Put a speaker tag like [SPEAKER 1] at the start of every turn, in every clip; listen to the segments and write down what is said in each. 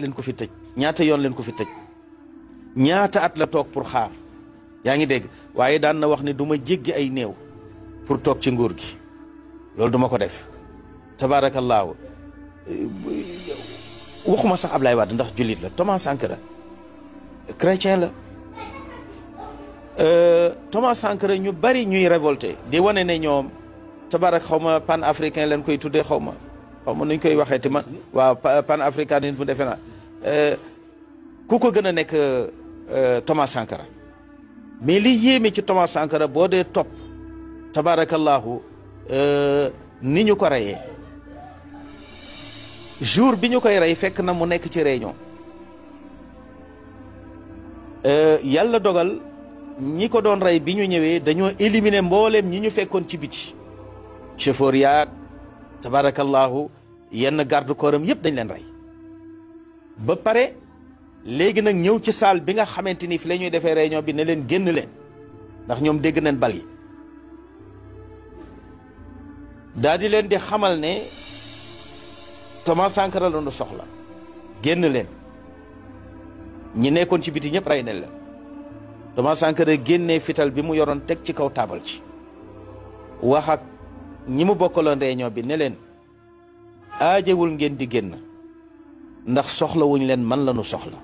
[SPEAKER 1] leen ko fi tëj ñaata yoon leen ko fi tëj ñaata at la toog pour xaar yaa ngi dégg waaye daan na wax ne du ma jéggi ay néew pour toog ci nguur gi loolu duma ko def tabaarakallaahu waxuma sax Ablaye Wade ndax jullit la Thomas Sankara chrétien la euh, Thomas Sankara ñu bari ñuy révolté di wane ne ñoom tabarak xaw ma pan africain leen koy tuddee xaw ma xaw ma nuñ koy waxee waxeeti ma waaw pan africain nit mu defe naa Euh, ku ko gën a nekk euh, Thomas Sankara mais li yéeme ci Thomas Sankara boo dee topp tabaarakallaahu euh, ni ñu ko reyee jour bi ñu koy rey fekk na mu nekk ci réunion yàlla dogal ñi ko doon rey bi ñu ñëwee dañoo éliminer mbooleem ñi ñu fekkoon ci biti chauffeur yaag tabaarakallaahu yenn garde corps am yëpp dañ leen rey ba pare léegi nag ñëw ci salle bi nga xamante ni fi la ñuy defee réunion bi ne leen génn leen ndax ñoom dégg nañ bal yi daal leen di xamal ne Thomas Sankara soxla génn leen ñi nekkoon ci biti ñëpp rey nañ la Thomas Sankara génnee fital bi mu yoroon teg ci kaw taabal ci wax ak ñi mu bokkaloon réunion bi ne leen aajewul ngeen di génn ndax soxla wuñ leen man la ñu soxla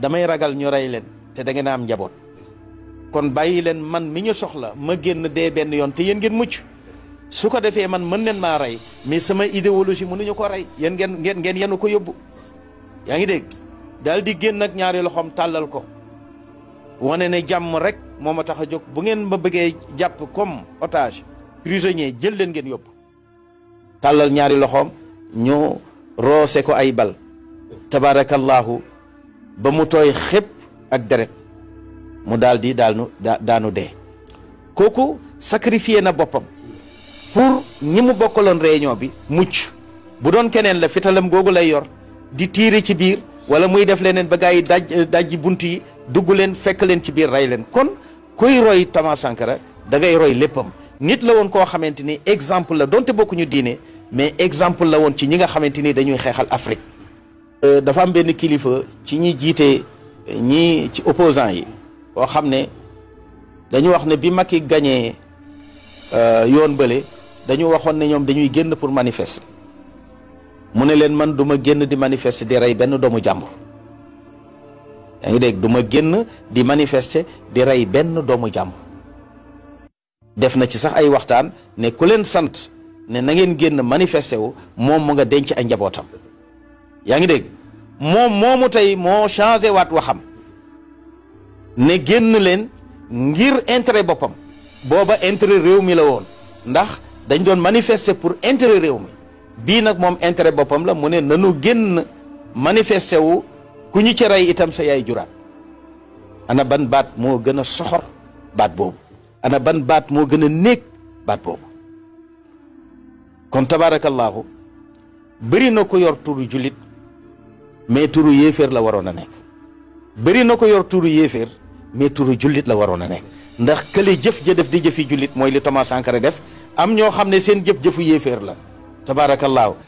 [SPEAKER 1] damay ragal ñu rey leen te da ngeen a am njaboot kon bàyyi leen man mi ñu soxla ma génn dee benn yoon te yéen ngeen mucc su ko defee man mën leen maa rey mais sama idéologie mënuñu ko rey yéen ngeen ngeen ngeen yenu ko yóbbu yaa ngi dégg daal di génn ak ñaari loxoom tàllal ko wane ne jàmm rek moo ma tax a jóg bu ngeen ma bëggee jàpp comme otage prisonnier jël leen ngeen yóbbu tàllal ñaari loxoom ñu roose ko ay bal tabaarakallaahu ba mu tooy xëpp ak deret mu daal di daanu daanu dee kooku sacrifié na boppam pour ñi mu bokkaloon réunion bi mucc bu doon keneen la fitalam googu lay yor di tiire ci biir wala muy def leneen ba gars yi daj dajji bunt yi dugg leen fekk leen ci biir rey leen kon kuy roy Thomas Sankara da ngay roy léppam nit la woon koo xamante ni exemple la donte bokkuñu diine mais exemple la woon ci ñi nga xamante ni dañuy xeexal Afrique Euh, dafa am benn kilifa ci ñi jiite euh, ñi ci opposant yi koo xam ne dañu wax ne bi Macky gañee euh, yoon bële dañu waxoon ne ñoom dañuy génn pour manifester mu ne leen man duma génn di manifester di rey benn doomu jàmbur yaa dégg du génn di manifester di rey benn doomu jàmbur def na ci sax ay waxtaan ne ku leen sant ne na ngeen génn manifester wu moom mu nga denc a njabootam yaa ngi dégg moom moomu tey moo changé waat waxam ne génn leen ngir intérêt boppam booba intérêt réew mi la woon ndax dañ doon manifester pour intérêt réew mi bii nag moom intérêt boppam la mu ne nanu génn manifester wu ku ñu ci rey itam sa yaay juraat ana ban baat moo gën a soxor baat boobu ana ban baat moo gën a néeg baat boobu kon tabaarakallaahu bëri na ko yor turu jullit mais turu yéeféer la waroon a nekk bëri na ko yor turu yéeféer mais turu jullit la waroon a nekk ndax kële jëf ja def di jëfi jullit mooy li Thomas Sankara def am ñoo xam ne seen jëf-jëfu yéeféer la tabaarakallaahu